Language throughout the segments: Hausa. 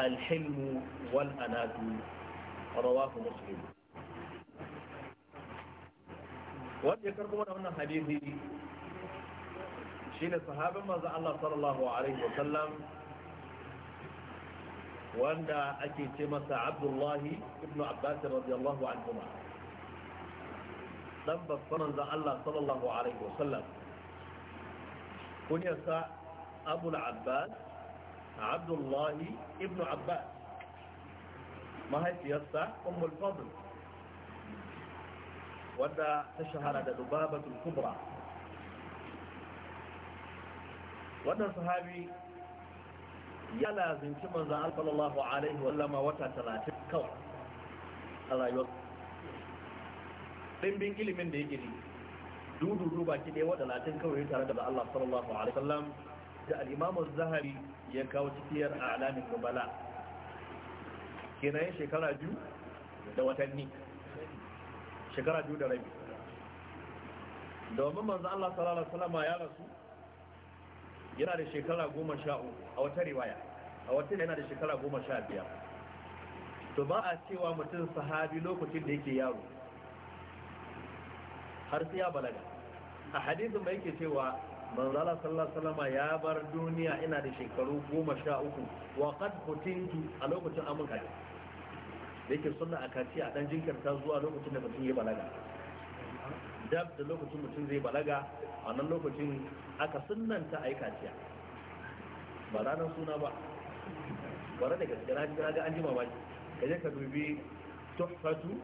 الحلم والأناد رواه مسلم وذكركم هنا حديث شين الصحابة ماذا الله صلى الله عليه وسلم وأن أكيد مسا عبد الله ابن عباس رضي الله عنهما ذنب الصنن ذا الله صلى الله عليه وسلم كن يسا أبو العباس abdullahi ibn abbas mahaifiyarsa ummul ta shahara da dubabatul kubra wannan sahabi ya lazinci ilimin da ya giri dudu ruba ki ɗaya wa da al'imamu zahari ya kawo cikiyar a alamin nubala kenayen shekara biyu da watanni shekara biyu da rabi domin manzo Allah sallallahu alaihi wasallam ya rasu yana da shekara goma sha a wata riwaya a wata yana da shekara goma sha biyar to ba a cewa mutum sahabi lokacin da yake yaro har sai ya balaga a hadisin mai yake cewa manzala sallallahu ya bar duniya ina da shekaru goma sha uku wa kad hutintu a lokacin amin da yake sunna a kaci a dan jinkirta zuwa lokacin da mutum ya balaga dab da lokacin mutum zai balaga a nan lokacin aka sunnanta a yi kaciya ba ranar suna ba bare da gaske na ga an ji mamaki ka je ka dubi tuhfatu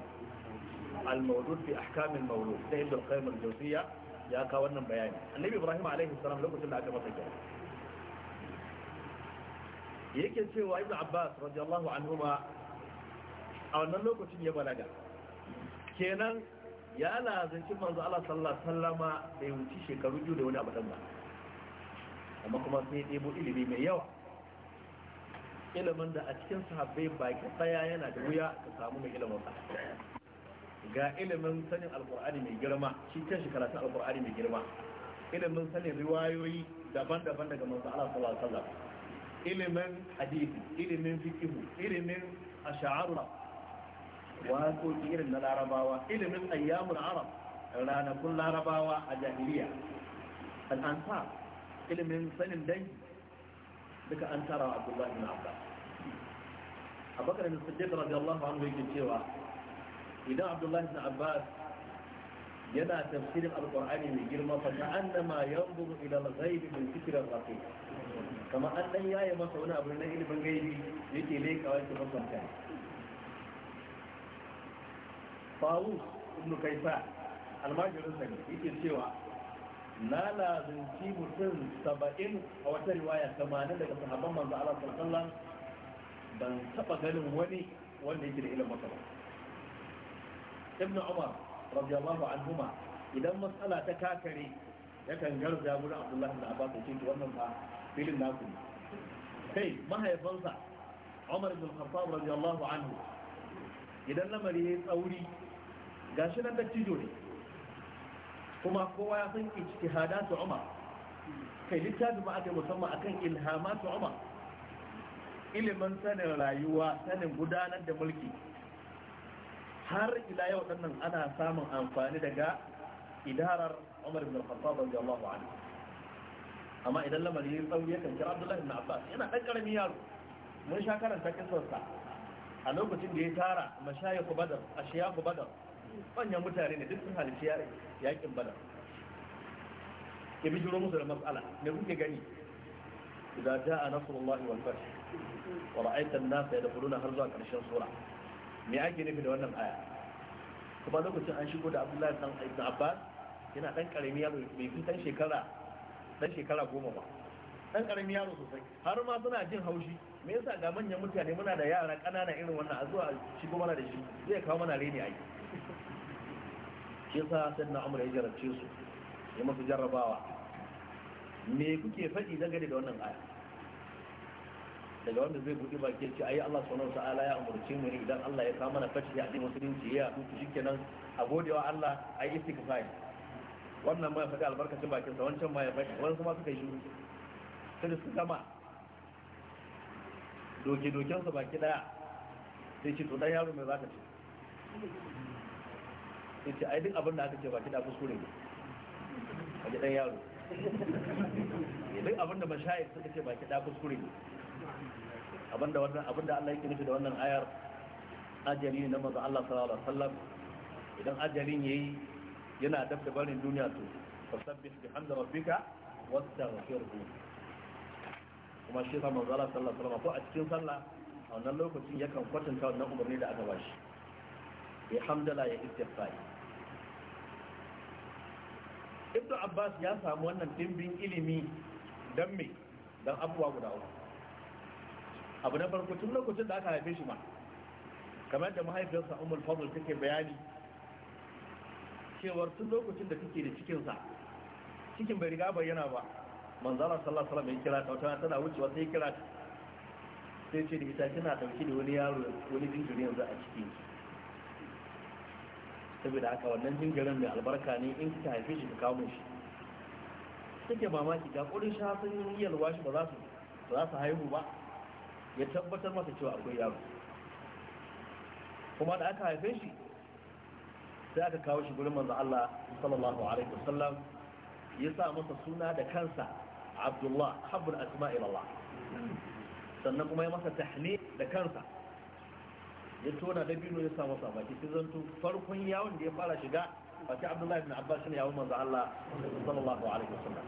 al-mawlud fi ahkam al-mawlud da ibn qayyim al-jawziyya ya kawo wannan bayani annabi ibrahim alaihi salam lokacin da aka masa kira yake cewa ibnu abbas radiyallahu anhuma a wannan lokacin ya balaga kenan ya lazanci manzo Allah sallallahu alaihi wasallama da ya wuce shekaru biyu da wani abu dan ba amma kuma sai ya debo ilimi mai yawa ilimin da a cikin sahabbai baki tsaya yana da wuya ka samu mai ilimin sa ga ilimin sanin alkur'ani mai girma shi kan shi karatun alkur'ani mai girma ilimin sanin riwayoyi daban-daban daga manzo Allah sallallahu alaihi wasallam ilimin hadisi ilimin fiqh ilimin ash'arura wato irin na larabawa ilimin ayyamul arab ranakun larabawa a jahiliya al'anta ilimin sanin dangi duka an tara wa abdullahi ibn abbas abakar ibn siddiq radiyallahu anhu yake cewa idan abdullahi na abbas yana tafsirin alqur'ani mai girma fa annama yanzuru ila al-ghaibi min fikr ar kama an dan yaye masa wani abu na ilimin gaibi yake lekawa shi makwanta Fawu ibn Kaifa almajirin sa yake cewa na lazunci mutum saba'in a wata riwaya tamanin daga sahabban manzo Allah sallallahu ban taba ganin wani wanda yake da ilimin makwanta ibn umar radiyallahu anhuma idan matsala ta kakare yakan garza gurin abdullahi da abbas ce to wannan fa filin naku kai mahaifansa umar ibn khattab radiyallahu anhu idan lamari ya tsauri gashi nan dattijo ne kuma kowa ya san ijtihadatu umar kai littafi ba aka musamman akan ilhamatu umar ilimin sanin rayuwa sanin gudanar da mulki har ila yau nan ana samun amfani daga idarar Umar ibn Khattab radiyallahu anhu amma idan lamari ya sauri ya kan kira Abdullah ibn Abbas yana dan karami yaro mun sha karanta kisar sa a lokacin da ya tara mashayikh Badar ashiyaku Badar wannan mutane ne duk sun halice yakin Badar bi jiro musu da matsala me kuke gani idan ja'a nasrullahi wal fath wa ra'aita an-nasa yadkhuluna har zuwa karshen sura me ake nufi da wannan aya kuma lokacin an shigo da abdullahi dan ibn abbas yana dan karami yaro bai fi dan shekara dan shekara goma ba dan karami yaro sosai har ma suna jin haushi me yasa ga manyan mutane muna da yara kanana irin wannan a zuwa shigo mana da shi zai kawo mana reni ai shi sai na umar ya jarabce su ya masu jarrabawa me kuke faɗi dangane da wannan aya daga wanda zai buɗe baki ce ayi Allah subhanahu ta'ala ya umurce mu ne idan Allah ya kawo mana fashi ya cikin musulunci ya tuku shikenan a godewa Allah ayi istighfar wannan ma ya faɗi albarkacin bakin sa wancan ma ya faɗi wannan kuma suka yi shiru sai su gama doke doken sa baki daya sai ce to dan yaro mai zaka ce sai ce ai duk abin da aka ce baki da kuskure ne a ji dan yaro duk abin da mashayar suka ce baki da kuskure ne abinda wannan abinda Allah yake nufi da wannan ayar ajali ne na manzo Allah sallallahu alaihi wasallam idan ajalin yayi yana dab da barin duniya to fasabbih bihamdi rabbika wastaghfirhu kuma shi sa manzo Allah sallallahu alaihi wasallam ko a cikin sallah a wannan lokacin yakan kwatanta wannan umarni da aka bashi ya hamdala ya istighfar Ibn Abbas ya samu wannan dimbin ilimi dan me dan abuwa guda uku abu na farko tun lokacin da aka haife shi ma kamar da mahaifiyarsa umar fadl take bayani cewar tun lokacin da take da cikinsa cikin bai riga bayyana ba manzara sallallahu alaihi wasallam ya kira ta wata tana wucewa sai kira ta sai ce da ita kina dauke da wani yaro wani jinjiri yanzu a cikin saboda haka wannan jinjirin mai albarka ne in kika haife shi ka kawo shi take mamaki ga kudin shafin yalwa shi ba za su ba za su haihu ba ya tabbatar masa cewa akwai yaro kuma da aka haife shi sai aka kawo shi gurin manzo Allah sallallahu alaihi wasallam ya sa masa suna da kansa Abdullah habbul asma Allah sannan kuma ya masa tahni da kansa ya tona da bino ya sa masa baki sai zanto farkon yawon da ya fara shiga baki Abdullah ibn Abbas shine yawon manzo Allah sallallahu alaihi wasallam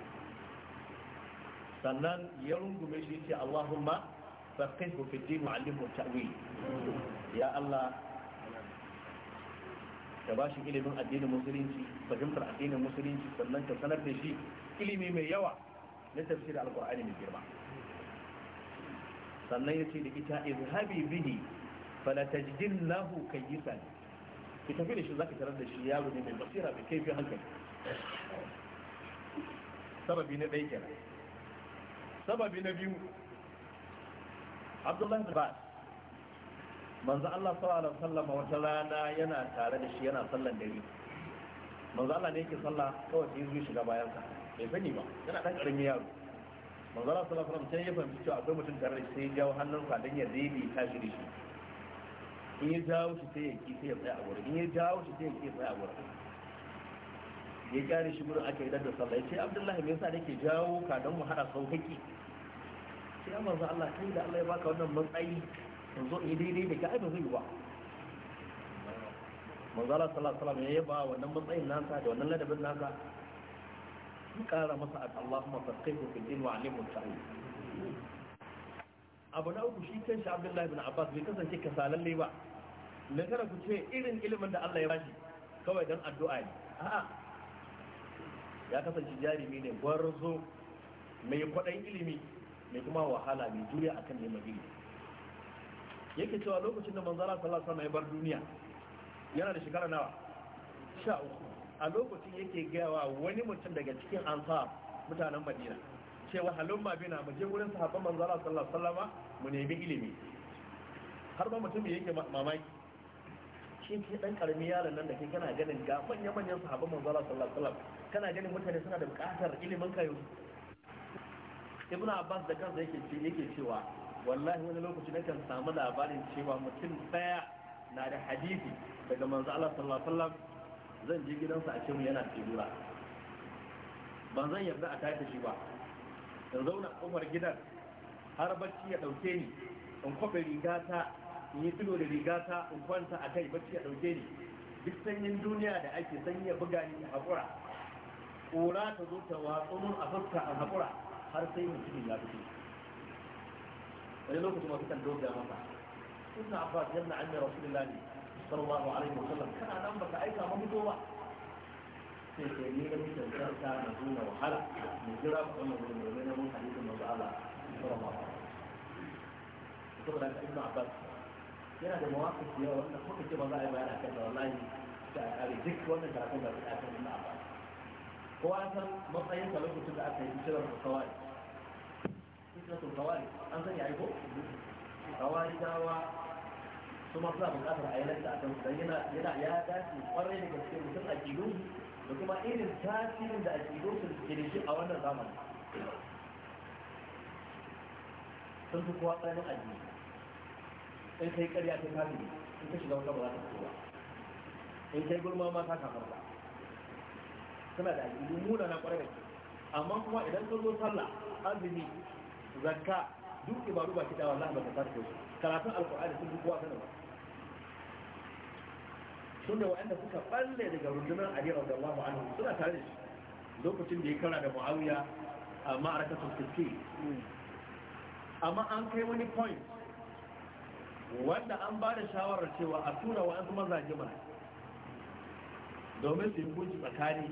sannan ya rungume shi ce Allahumma فقهه في الدين وعلمه التأويل يا الله ka ba shi ilimin addinin musulunci fahimtar addinin musulunci sannan ka sanar da shi ilimi mai yawa na tafsir alkur'ani mai girma sannan ya ce da ita izhabi bihi fala tajdin kayyisan ki tafi da shi zaka tarar da shi mai basira mai kaifin hankali sababi na sababi na biyu abdullahi bin ba'ad manzo Allah sallallahu alaihi wasallam wata rana yana tare da shi yana sallan dare manzo Allah ne yake salla kawai sai zuwa shiga bayan sa bai fani ba yana dan karami yaro manzo Allah sallallahu alaihi wasallam sai ya fahimci cewa akwai mutum tare da shi sai ya jawo hannunsa dan ya daidai ta shi da shi in ya jawo shi sai ya ki sai ya tsaya a gurin in ya jawo shi sai ya ki tsaya a gurin ya gyara shi gurin aka yi da sallah ya ce abdullahi me yasa nake jawo ka dan mu hada saukaki ya manzo Allah kai da Allah ya baka wannan matsayi yanzu in daidai da ka ai ba zai ba manzo Allah sallallahu alaihi wasallam ya yaba wannan matsayin nasa da wannan ladabin nasa in kara masa Allahumma faqihu fil din wa alimhu ta'ala abu na uku shi kanshi Abdullahi ibn Abbas bai kasance kasalalle ba dan kada ku ce irin ilimin da Allah ya bashi kawai dan addu'a ne a'a ya kasance jarumi ne gwarzo mai kwaɗayin ilimi mai kuma wahala mai juriya akan neman ilimi yake cewa lokacin da manzara Sallar na ya bar duniya yana da shekara nawa sha uku a lokacin yake gawa wani mutum daga cikin ansar mutanen madina cewa halin mabina mu je wurin sahabban manzara Sallar alaihi mu nemi ilimi har ba mutum yake mamaki shi ke dan karmi yaron nan da ke kana ganin ga manya-manyan sahabban manzara Sallar? alaihi kana ganin mutane suna da bukatar ilimin kayo ibn abbas da kansa yake ce yake cewa wallahi wani lokaci na kan samu labarin cewa mutum daya na da hadisi daga manzo Allah sallallahu alaihi wasallam zan je gidansa a cikin yana tsibura ban zan yarda a tashi shi ba in zauna a kofar gidan har bacci ya dauke ni in riga rigata in yi tsiro da rigata in kwanta a kai bacci ya dauke ni duk sanyin duniya da ake sanya buga ni a haƙura ƙura ta zo ta watsu mun a fuska a haƙura har sai mutumin ya fito wani lokacin masu kan doga masa ibn abbas yana annabi rasulullahi sallallahu alaihi wasallam kana nan baka aika ma fito ba sai sai ne da mutum ta ta na zuwa wahala mu jira ku wannan wurin da na mun hadisin manzo Allah sallallahu alaihi wasallam to saboda ibn abbas yana da mawaqif da yawa wanda kuka ce ba za a yi bayani akan da wallahi da a duk wannan karatun da aka yi akan ibn abbas kowa san matsayin sa lokacin da aka yi shirar da kawai na su kawari an sani aiko kawari dawa su ma suna bukatar a yanar da a kansu don yana ya dace kwarai da gaske mutum a kidon da kuma irin tasirin da a kidon su ke da shi a wannan zamani sun fi kowa tsarin addini sai kai karya ta kafin in ka shiga wata ba za ta fito ba in kai gulma ma ta kamar ba suna da addini muna na kwarai da amma kuma idan ka zo sallah azumi zakka duk ibaru ba kiɗa wallahi ba ta tarko su karatun alkur'ani sun duk wasa ba sun da wanda suka balle daga rundunar ali radiyallahu anhu suna tare da shi lokacin da ya kara da muawiya a ma'arakatul fiske amma an kai wani point wanda an ba da shawarar cewa a tura wa'ansu mazaje mana domin su yi gunci tsakani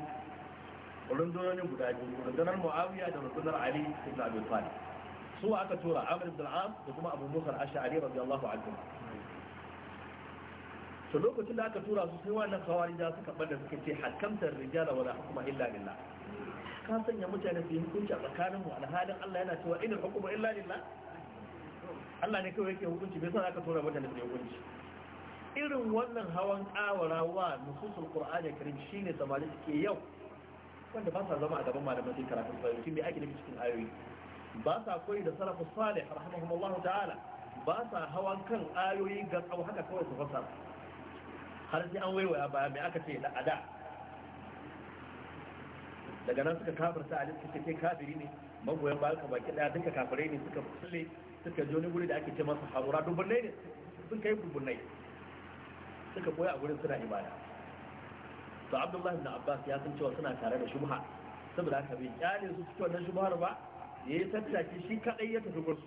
rundunonin guda biyu rundunar muawiya da rundunar ali ibn abi talib su aka tura amr ibn al da kuma abu musa al-ash'ari radiyallahu anhu to lokacin da aka tura su sai wannan da suka bada suka ce hakamtar rijala wala hukuma illa billah ka sanya mutane su yi hukunci a tsakaninmu alhalin Allah yana cewa inal hukuma illa lillah Allah ne kawai yake hukunci bai san aka tura mutane su yi hukunci irin wannan hawan kawara wa nususul qur'ani karim shine samari suke yau wanda ba sa zama a gaban malaman sai karatu sai kin bai ake nufi cikin ayoyi ba sa koyi da sarrafa salih rahimahumullahu ta'ala ba sa hawan kan ayoyi ga tsawo haka kawai su fasa har sai an waiwaya baya mai aka ce la'ada daga nan suka sa alif suka ce kafiri ne magoyan ba ka baki daya duka kafirai ne suka fulle suka joni guri da ake ce masa harura dubbunai ne sun kai dubbunai suka koya a gurin suna ibada to abdullahi ibn abbas ya san cewa suna tare da shubha saboda haka bai kyale su cikin wannan shubhar ba ya yi tattaki shi kaɗai ya tafi gursu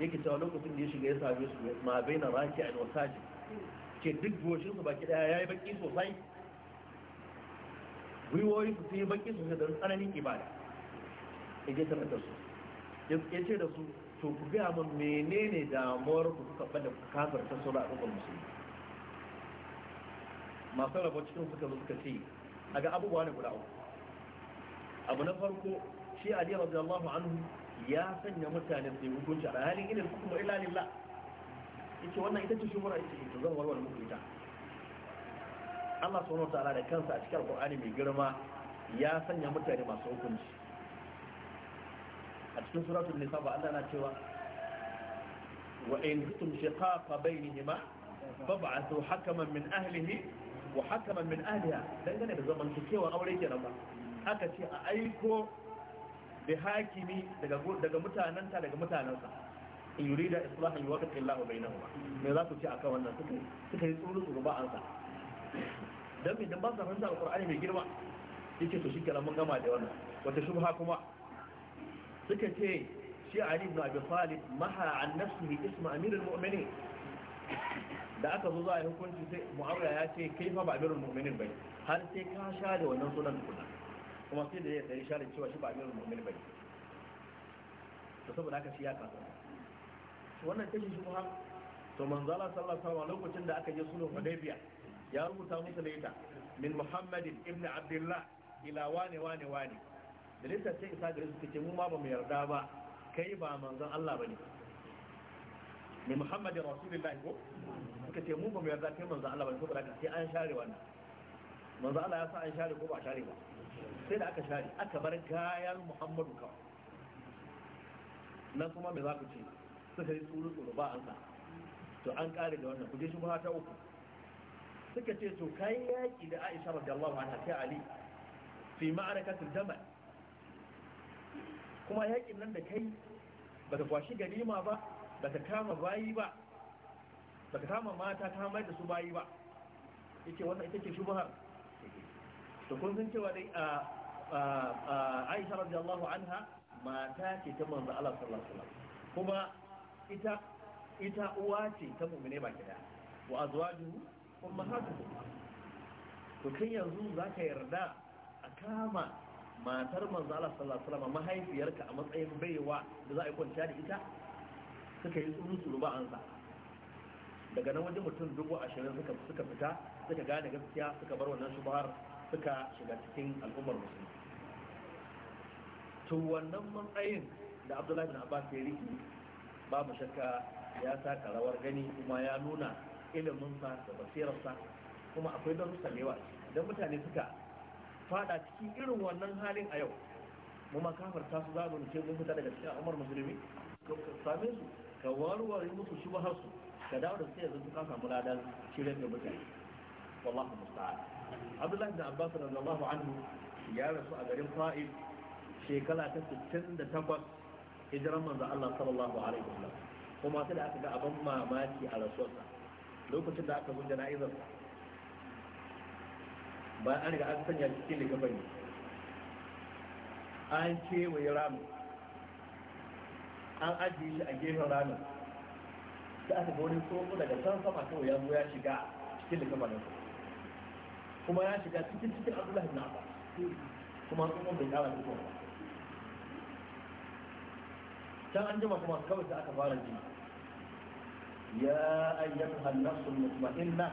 yake cewa lokacin da ya shiga ya same su ma bai na raki a wasaji ke duk goshin su baki daya ya yi baki sosai gwiwoyi su sun yi baki sosai don tsananin ibada ya je tafi da su ya ce da su to ku gaya min menene damuwar ku kuka bada kafar ta a al'ummar musulmi masu rabar cikin suka zo suka ce a ga abubuwa ne guda uku abu na farko shi ali radiyallahu anhu ya sanya mutane su hukunci a halin inil hukumu illa lillah yace wannan ita ce shubura ita ce zan warware muku ita Allah subhanahu ta'ala da kansa a cikin Qur'ani mai girma ya sanya mutane masu hukunci a cikin suratul nisa ba Allah na cewa wa in kuntum shiqaqa bainihima fab'athu hakaman min ahlihi wa hakaman min ahliha dangane da zaman cewa aure kenan ba aka ce a aiko bi hakimi daga daga mutananta daga mutanansa in yurida islahan yuwaqi bai nawa? me za ku ce akan wannan suka suka yi tsuru su ba an sa mai idan ba sa fahimta alqur'ani mai girma yake to shikenan mun gama da wannan wata ha kuma suka ce shi Ali ibn Abi Talib maha an nafsihi ismu amirul mu'minin da aka zo za a yi hukunci sai mu'awla ya ce kai fa ba amirul mu'minin bai har sai ka sha da wannan sunan tukunan kuma sai da ya tsaye sharin cewa shi ba amirul mu'min bane to saboda haka shi ya kasa shi wannan kashi shi kuma to manzala sallallahu alaihi lokacin da aka je sulhu hudaybiya ya rubuta musu laita min muhammadin ibn abdullah ila wane wane wane da leta sai isa gare su kace mu ma ba mu yarda ba kai ba manzon Allah bane min muhammadin rasulullahi ko suka ce mu ba mu yarda kai manzon Allah bane saboda haka sai an share wannan manzon Allah ya sa an share ko ba share ba sai da aka share aka bar kayan muhammadu kawo na kuma me za ku ce suka yi tsoro tsoro ba an sa to an kare da wannan kuje shi kuma ta uku suka ce to kayan yaki da Aisha radiyallahu anha sai Ali fi ma'arakatul jamal kuma yakin nan da kai baka kwashi ganima ba baka kama bayi ba baka kama mata ta mai da su bayi ba yake wannan ita ce shubhar to kun san cewa dai a Aisha radiyallahu anha mata ce ta manzo Allah sallallahu alaihi wasallam kuma ita ita uwa ce ta mu'mine baki daya wa azwajuhu ummahatuhum to kai yanzu zaka yarda a kama matar manzo Allah sallallahu alaihi wasallam mahaifiyarka a matsayin baiwa da za a yi kwanciya da ita suka yi tsuru ba an ansa daga nan wajen mutum dubu ashirin suka fita suka gane gaskiya suka bar wannan shubar. suka shiga cikin al'ummar musulmi to wannan matsayin da abdullahi bin abbas ya riki babu shakka ya saka rawar gani kuma ya nuna iliminsa da basirarsa kuma akwai darussa da idan mutane suka fada cikin irin wannan halin a yau mu ta su zamu ce mun fita daga cikin al'ummar musulmi ka same su ka warware musu shubahar su ka dawo da su yanzu suka samu ladan shirin da mutane والله المستعان عبد الله بن عباس رضي الله عنه يا رسول الله غريم قائل شيكلا 68 هجران من الله صلى الله عليه وسلم وما سيدا اكا ابان ماماتي على رسول الله لوكتين دا اكا زون جنايز با ان ga aka sanya shi cikin gaban ni an ce wa yaram an ajiye shi a gefen rana da aka gode so daga san sama kawai ya zo ya shiga cikin gaban ni kuma ya shiga cikin cikin abdullahi na ba kuma tsohon bai kara da ba can an jima kuma kawai sai aka fara ji ya ayyatu hannasu mutmainna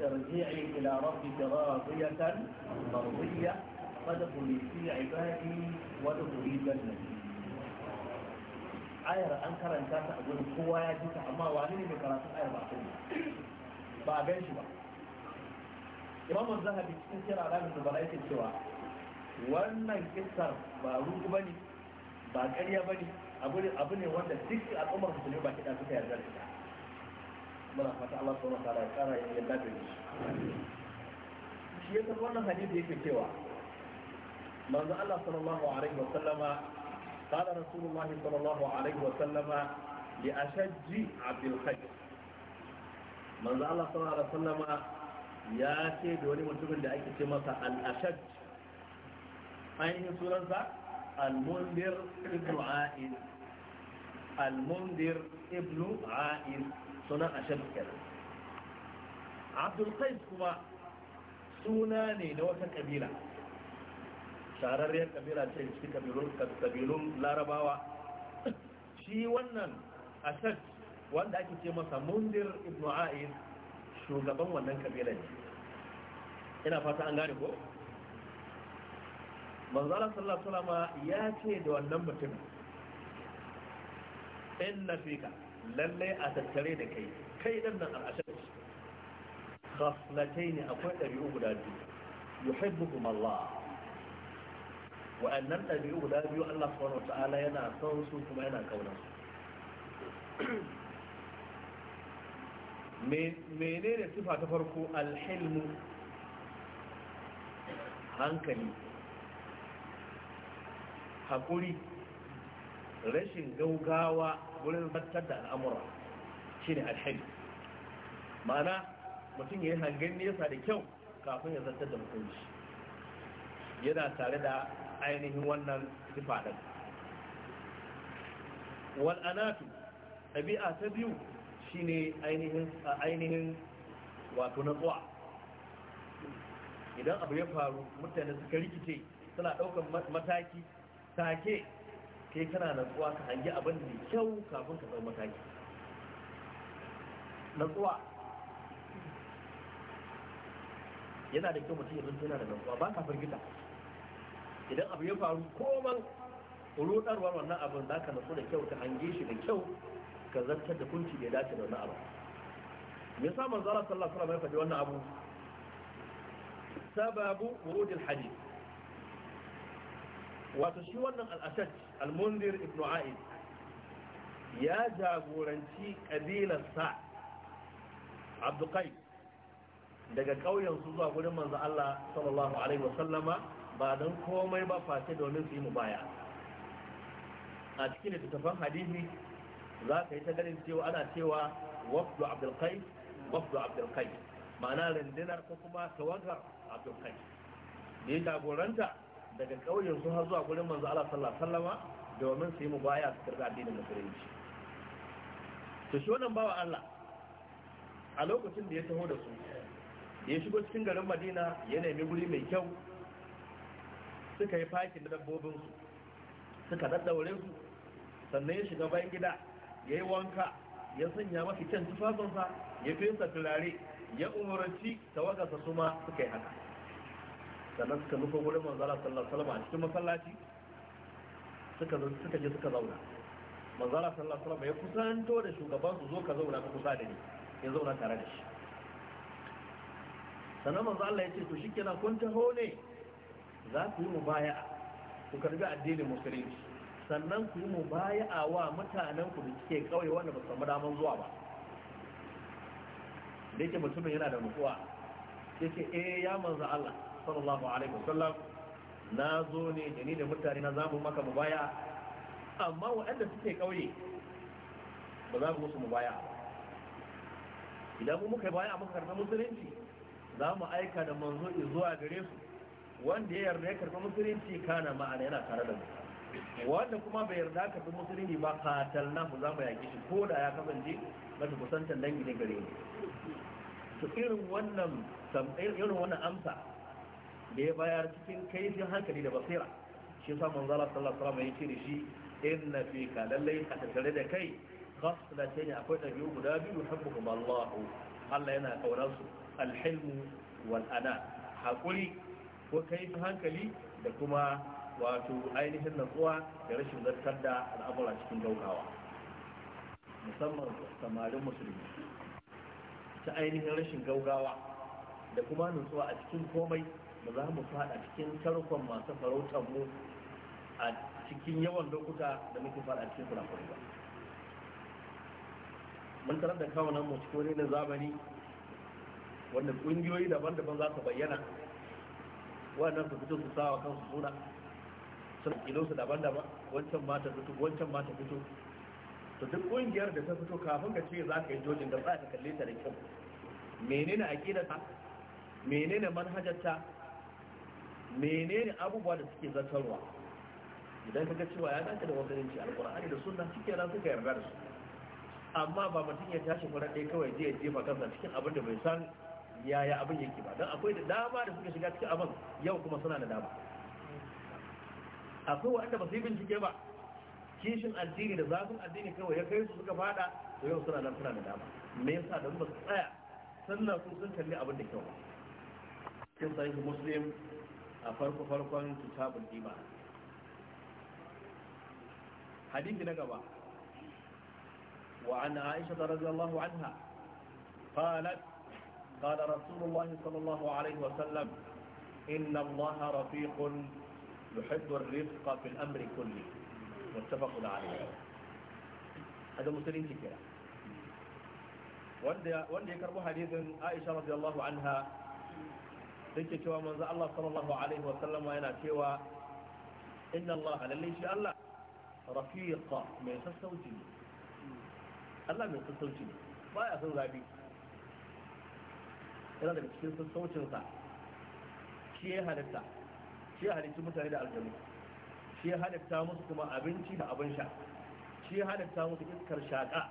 ارجعي الى ربك راضيه مرضيه فادخلي في عبادي وادخلي جنتي ayar an karanta ta a gurin kowa ya ji ta amma wani ne mai karatun ayar ba ba a ba imam zahabi cikin sirar alamun da bala cewa wannan kisar ba ruku ba ne ba ƙarya ba ne abu ne wanda duk al'ummar ne ba kiɗa suka yarda da ita muna fata Allah su wa ta'ala ya kara yin yadda da shi ya yasa wannan hadisi yake cewa manzo Allah sallallahu alaihi wa sallama قال رسول sallallahu alaihi wa sallama li لأشج abdul khayr manzo allah sallallahu alaihi wa sallama ya ce da wani mutumin da ake ce masa al-ashad ainihin sunansa al-mundir ibn a'id al-mundir ibn a'id sunan ashad kenan abdul qais kuma suna ne na wata kabila Shararriyar kabila ce cikin kabilun kabilun larabawa shi wannan ashad wanda ake ce masa mundir ibn a'id shugaban wannan kabilar ne ina fata an gane ko manzala sallallahu alaihi wasallam ya ce da wannan mutum inna fika lalle a tattare da kai kai dan nan al'ashar shi khaslatayn akwai dabi'u guda biyu yuhibbukum Allah Wa wa'annan dabi'u guda biyu Allah subhanahu wa ta'ala yana son su kuma yana kaunar su menene sifa ta farko alhilmu hankali haƙuri rashin gaugawa wurin zartar da al'amura shi ne alhilmu ma'ana mutum ya yi hangen nesa da kyau kafin ya zartar da mutunci yana tare da ainihin wannan sifa ɗan wal'anatu ɗabi'a ta biyu shine ainihin ainihin wato na tsuwa idan abu ya faru mutane suka rikice suna ɗaukar mataki take kai kana natsuwa ka hangi abin da kyau kafin ka tsawon mataki natsuwa yana da kyau mutum ya zanto yana da natsuwa ba ka firgita idan abu ya faru koman rudarwar wannan abin za ka natsu da kyau ka hange shi da kyau ka zantar da kunci da ya dace da wannan abu me yasa manzo Allah sallallahu alaihi wasallam ya faɗi wannan abu sababu wurud al-hadith wato shi wannan al-ashaj al-munzir ibn a'id ya jagoranci kabilar sa abdukai daga kauyen su zuwa gurin manzo Allah sallallahu alaihi wasallama ba don komai ba face domin su yi mu baya a cikin littattafan hadisi za ka yi ta ganin cewa ana cewa wafdu abdulkai wafdu abdulkai ma'ana rundunar ko kuma tawagar abdulkai da ya jagoranta daga ƙauyen su har zuwa gurin manzo Allah sallallahu alaihi wasallama domin su yi mubaya su karɓi addinin musulunci to shi wannan bawa Allah a lokacin da ya taho da su da ya shigo cikin garin Madina ya nemi guri mai kyau suka yi fakin dabbobinsu suka daddaure su sannan ya shiga bayan gida ya yi wanka ya sanya mafi can tufafinsa ya fesa turare ya umarci tawagarsa su ma suka yi haka sannan suka nufa wurin manzala sallallahu alaihi a cikin masallaci suka suka je suka zauna manzala sallallahu alaihi ya kusanto da shugaban su zo ka zauna ka kusa da ni ya zauna tare da shi sannan manzo Allah ya ce to shikenan kun taho ne za ku yi baya ku karbi addinin musulunci sannan ku yi mu baya a wa mutanen ku da suke kawai wanda ba samu daman zuwa ba da yake mutumin yana da mutuwa ya ce eh ya manzo Allah sallallahu alaihi wasallam na zo ne da ni da mutane na zamu maka mu baya amma waɗanda suke kauye ba za mu musu mu baya ba idan mu muka baya muka karɓi musulunci za mu aika da manzo zuwa gare su wanda ya yarda ya karɓi musulunci kana ma'ana yana tare da mu wanda kuma bai yarda ka bi musulmi ba katal na ku za mu yaƙi shi ko da ya kasance mafi kusantar dangi ne gare ni to irin wannan irin wannan amsa da ya bayar cikin kaifin hankali da basira shi sa manzo Allah sallallahu alaihi wasallam yake da shi inna fi ka lallai a tattare da kai ne akwai dabi'u guda biyu hubbukum Allah Allah yana kaunar su alhilmu wal ana hakuri ko kaifin hankali da kuma wato ainihin natsuwa da rashin zartar da al'amura cikin gaugawa musamman samarin musulmi ta ainihin rashin gaugawa da kuma nutsuwa a cikin komai ba za mu fada cikin tarkon masu farautar mu a cikin yawan lokuta da muke fada cikin kurakuri ba mun tarar da kawunan mu cikin wani zamani wanda kungiyoyi daban-daban za su bayyana wannan su fito su sawa kansu suna sun kilo su daban-daban wancan ma ta fito wancan ma ta fito to duk ƙungiyar da ta fito kafin ka ce za ka yi jojin da za ka kalle ta da kyau menene ta? menene manhajarta menene abubuwa da suke zartarwa idan ka ga cewa ya dace da musulunci alqur'ani da sunna suke nan suka yarda da su amma ba mutum ya tashi fara ɗaya kawai je ya jefa kansa cikin abin da bai san yaya abin yake ba don akwai da dama da suka shiga cikin abin yau kuma suna da dama akwai wanda ba su yi bincike ba kishin addini da zafin addini kawai ya kai su suka fada to yau suna nan suna da dama me yasa da ba su tsaya sannan su sun kalli abin da kyau kin sai ku muslim a farko farkon kitabul iman hadisi na gaba wa an aisha radhiyallahu anha qalat قال رسول الله صلى الله عليه وسلم إن الله رفيق يحب الرفق في الأمر كله واتفقوا عليه هذا مسلم ذكر وانده يكرب حديث عائشه رضي الله عنها ذكي كما منذ الله صلى الله عليه وسلم وانا توا إن الله للي شاء الله رفيق من سلسل جنة الله من سلسل جنة ما يأخذ ذا بي إلا ذلك سلسل جنة كيه هذا shi ya halitta mutane da aljanu shi ya halitta musu kuma abinci da abin sha shi ya halitta musu iskar shaƙa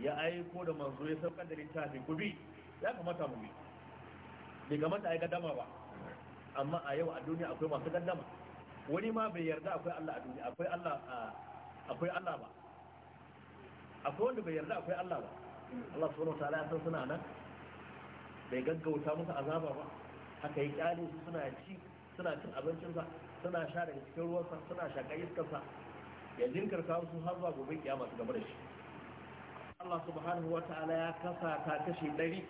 ya aiko da manzo ya saukar da littafi ku bi ya kamata mu bi bai kamata a yi gaddama ba amma a yau a duniya akwai masu gaddama wani ma bai yarda akwai Allah a duniya akwai Allah akwai Allah ba akwai wanda bai yarda akwai Allah ba Allah subhanahu wa ta'ala ya san suna nan bai gaggauta musu azaba ba haka ya kyale su suna ci suna cin abincinsa suna sha daga cikin ruwansa suna shaƙa sa ya jinkirta su har zuwa gobe kiyama su gaba da shi Allah subhanahu wa ta'ala ya kasa ta kashi ɗari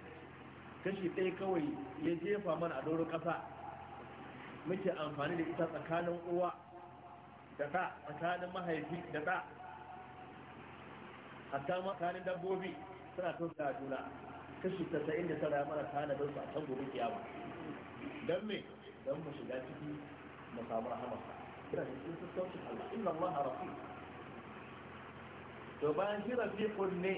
kashi ɗaya kawai ya jefa mana a doron ƙasa muke amfani da ita tsakanin uwa da ta tsakanin mahaifi da ɗa hatta tsakanin dabbobi suna da juna kashi 99 mana tana don su a can gobe kiyama don me don mu shiga ciki mu samu rahamarsa yana da cikin sassaucin Allah inna Allah rafi to bayan shi rafiqun ne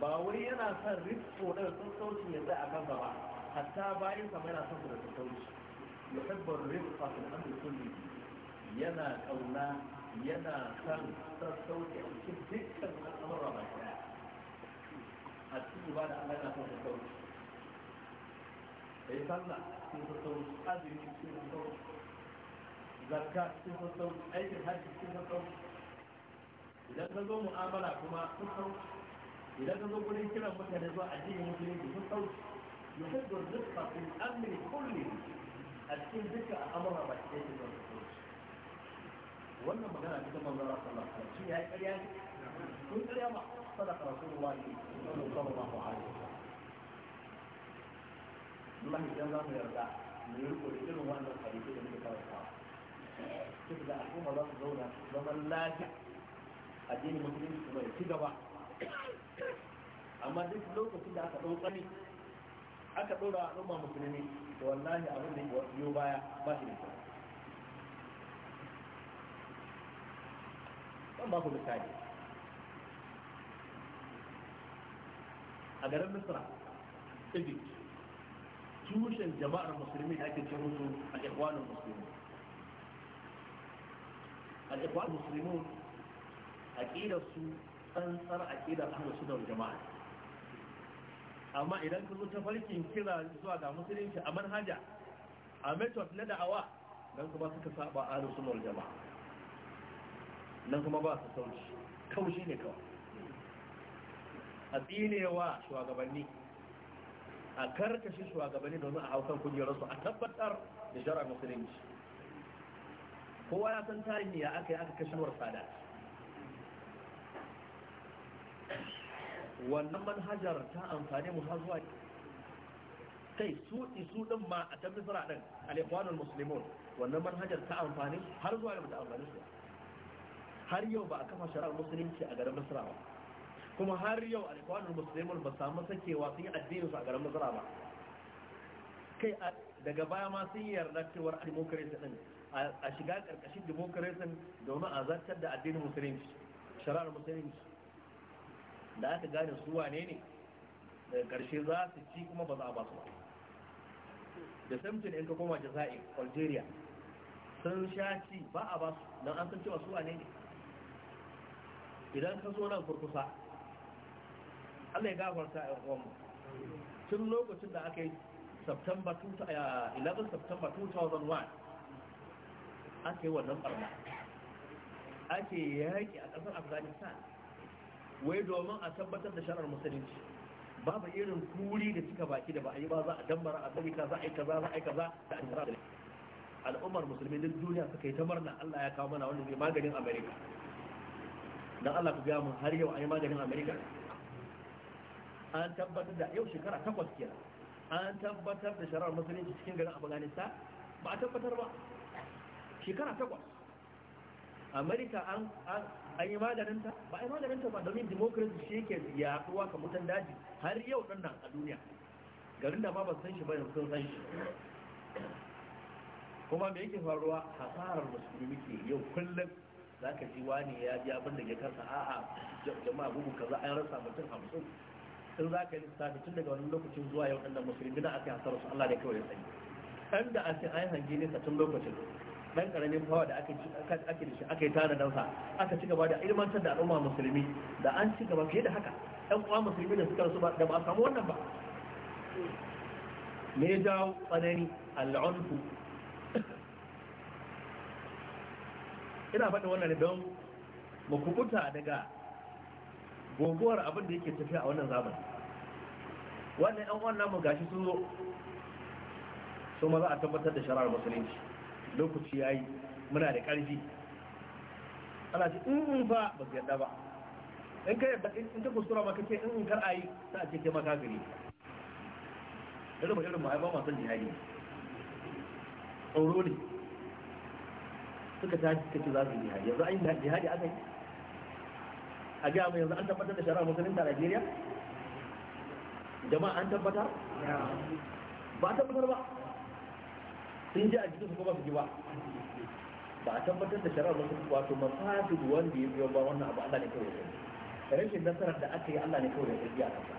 ba wai yana son rizqo da sassauci ya tsaya a kansa ba hatta bayan sa yana son da sassauci yuhibbu rizqa fil amri kulli yana kauna yana son sassauci a cikin dukkan al'amura ba a cikin ibada Allah yana son sassauci da yi sallah sun fi sauki azumi sun fi sauki sun fi sauki sun fi idan ka zo mu'amala kuma sun sauki idan ka zo gurin kiran mutane zuwa addinin musulunci sun sauki yuhibbu rizqa fil amri kulli a cikin duka al'amura ba ta yake zama sauki wannan magana ta zama Allah sallallahu shi ya yi ƙarya ne kun ƙarya ba sadaka rasulullahi sallallahu alaihi wasallam Allah idan za mu yarda mu yi riko da irin wannan hadisi da muke fara karantawa sai da al'umma za su zauna zaman lafiya addinin musulunci kuma ya ci gaba amma duk lokacin da aka ɗau tsani aka ɗora al'umma musulmi da wallahi abin da yiwu baya ba shi da kyau ɗan ba ku misali a garin misra egypt tushen jama'ar musulmi da ake ce musu al'ikwanin musulmi al'ikwanin musulmi aƙidar su tsantsar aƙidar ahlus sunna da jama'a amma idan ka zo ta farkin kira zuwa ga musulunci a manhaja a method na da'awa dan kuma suka saba a sunna wal jama'a don kuma ba su sauci kaushi ne kawai a tsinewa shugabanni a karkashin shugabanni domin a haukan kujerarsu a tabbatar da shara musulunci kowa ya san tarihi ya aka yi aka war sadat wannan manhajar ta amfani mu har zuwa kai su isu ɗin ma a ta misra din al-ikhwanul wannan manhajar ta amfani har zuwa da mutu amfani su har yau ba a kafa shari'ar musulunci a garin misra kuma har yau alkwanul musulman ba samu sakewa sun yi addininsu a garin matsala ba kai daga baya ma sun yi yarda cewar a demokarasi din a shiga karkashin demokarasi domin a zartar da addinin musulunci shirar musulunci da aka gane su wane ne daga karshe za su ci kuma ba za a ba su ba da samtin in ka koma jaza'i algeria sun sha ci ba a ba su don an san cewa su wane ne idan ka zo nan kurkusa Allah ya gafarta a yankuwanmu tun lokacin da aka yi September 11 uh, September 2001 aka yi wannan barna ake yaƙi a ƙasar Afghanistan wai domin a tabbatar da sharar musulunci babu irin kuri da suka baki da ba a yi ba za a dambara a tsarika za a yi kaza za a yi kaza da an laifin al'ummar musulmi duk duniya suka yi ta murna Allah ya kawo mana wanda zai maganin Amerika don Allah ku biya mu har yau a yi maganin Amerika an tabbatar da yau shekara takwas kenan an tabbatar da shari'ar musulunci cikin garin afghanistan ba a tabbatar ba shekara takwas amerika an yi maganinta ba a yi maganinta ba domin democracy shi ke yaduwa ka mutan daji har yau ɗan nan a duniya garin da ma ba san shi ba yanzu sun san shi kuma me yake faruwa hasarar musulmi ke yau kullum za ka ji wani ya ji abin da ya kansa a'a jama'a bugu kaza an rasa mutum hamsin in za ka lissafi tun daga wani lokacin zuwa yau ɗan musulmi na aka hasarar su Allah da kawai ya sani ɗan da ake an hangi nesa tun lokacin ɗan ƙaramin fawa da ake da shi aka yi tana sa aka ci gaba da ilmantar da al'umma musulmi da an ci gaba fiye da haka ɗan uwa musulmi da suka rasu ba da ba a samu wannan ba me ya jawo tsanani al'unfu ina faɗin wannan don mu kubuta daga Gunguwar abin da yake tafiya a wannan zamani wannan yan wannan mu gashi sun zo su ma za a tabbatar da shari'ar musulunci lokaci yayi muna da ƙarfi ana ce in in ba ba su yadda ba in ka yadda in ka kuskura ma kake in in kar a yi, a ce kai maka gari irin ba irin ma ai ba masu son jihadi tsoro ne suka tashi kace za su yi jihadi yanzu an yi jihadi aka yi a ga mai yanzu an tabbatar da shari'a musulunci a Najeriya jama'a an tabbatar ba a tabbatar ba sun ji a jikin su kuma su ji ba ba a tabbatar da shari'ar musulunci wato masu wanda ya biyo ba wannan abu Allah ne kawai ya rashin nasarar da aka yi Allah ne kawai ya tsaki a kasa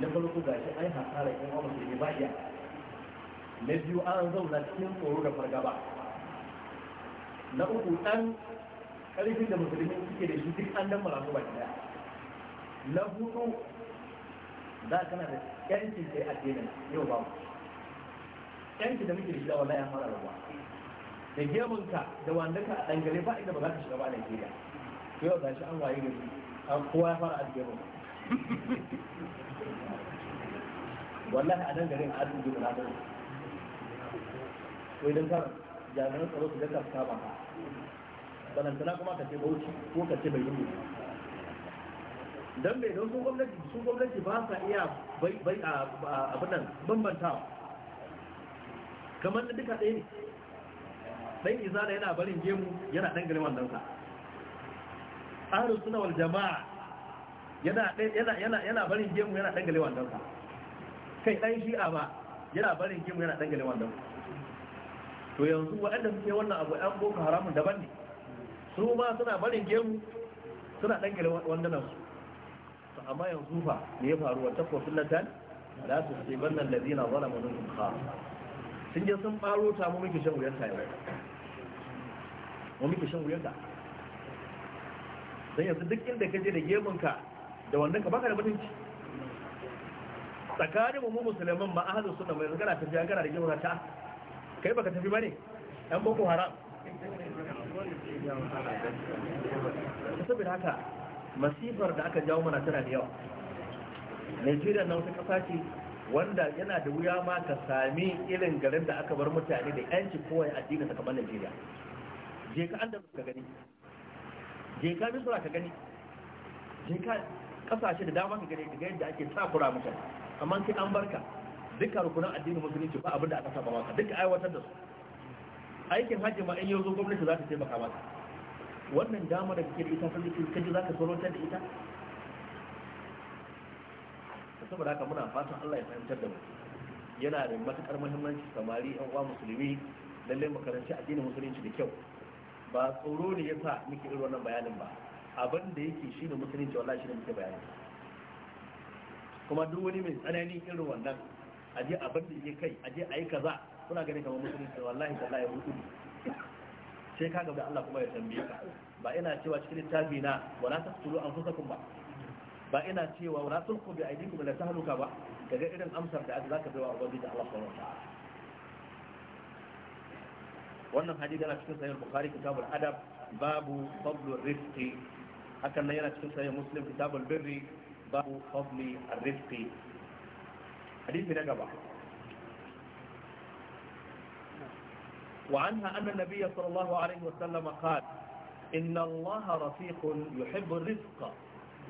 na farko ga shi ai hasara in wa musulmi ba iya na biyu an zauna cikin tsoro da fargaba na uku dan ƙarfin da musulmi suke da shi duk an dan mara ba daya na hudu za ka na da yanci sai addinin yau ba yanci da muke da shi da wallahi da mara rabuwa da gemunka da wandaka a dangare ba inda ba za ka shiga ba a Najeriya yau za shi an waye gari an kowa ya fara a gemun wallahi a gare a asibiti ba za ka ko idan ka jami'an tsaro su daga ka kama balantana kuma ka ce bauchi ko ka ce bai yi don bai don sun gwamnati sun gwamnati ba sa iya bai abin nan bambantawa kamar da duka ɗaya ne ɗan da yana barin gemu yana ɗan gani wannan sa ahlus wal jamaa yana yana yana yana barin gemu yana ɗan gani wannan kai ɗan shi'a ba yana barin gemu yana ɗan gani wannan to yanzu waɗanda suke wannan abu ɗan boko haramun daban ne su ma suna barin gemu suna ɗankare wandunan su amma yanzu fa me ya faru wata kofinatan da su sai bannan lazina zana manin ha sun je sun ɓaro ta mu muke shan wuyanta yau mu miki shan wuyanta don yanzu duk inda ka je da gemunka da wannan ka baka da mutunci tsakanin mu musulman ma ahalin suna mai zagara tafiya gara da gemuna ta kai baka tafi ba ne ɗan boko haram saboda haka masifar da aka jawo mana tana da yawa nigeria na wata kasa ce wanda yana da wuya ma ka sami irin garin da aka bar mutane da yanci kowai addini ta kamar nigeria je ka andalus ka gani je ka misra ka gani je ka kasashe da dama ka gani daga yadda ake takura mutane amma sai an barka duka rukunan addinin musulunci ba abin da aka saba maka duka aiwatar da su aikin hajji ma in yau zo gwamnati za ta taimaka mata wannan dama da kake da ita sun jikin kaji za ka saurantar da ita saboda haka muna fatan Allah ya fahimtar da mu yana da matukar muhimmanci samari yan uwa musulmi lalle makaranci addinin musulunci da kyau ba tsoro ne ya sa muke irin wannan bayanin ba abin da yake ne musulunci wallahi ne muke bayani kuma duk wani mai tsanani irin wannan aje abin da yake kai aje ayi kaza kuna ganin kamar musulunci wallahi tallahi hudu sai ka gaba Allah kuma ya tambaye ka ba ina cewa cikin littafi na wala taqtulu anfusakum ba ba ina cewa wala tulqu bi aidikum la tahluka ba kaga irin amsar da ka bai wa ubangiji Allah subhanahu wa ta'ala wannan hadisi yana cikin sahih bukhari kitabul adab babu fadlu rizqi hakan nan yana cikin sahih muslim kitabul birri babu fadli ar-rizqi hadisi na gaba وعنها أن النبي صلى الله عليه وسلم قال إن الله رفيق يحب الرزق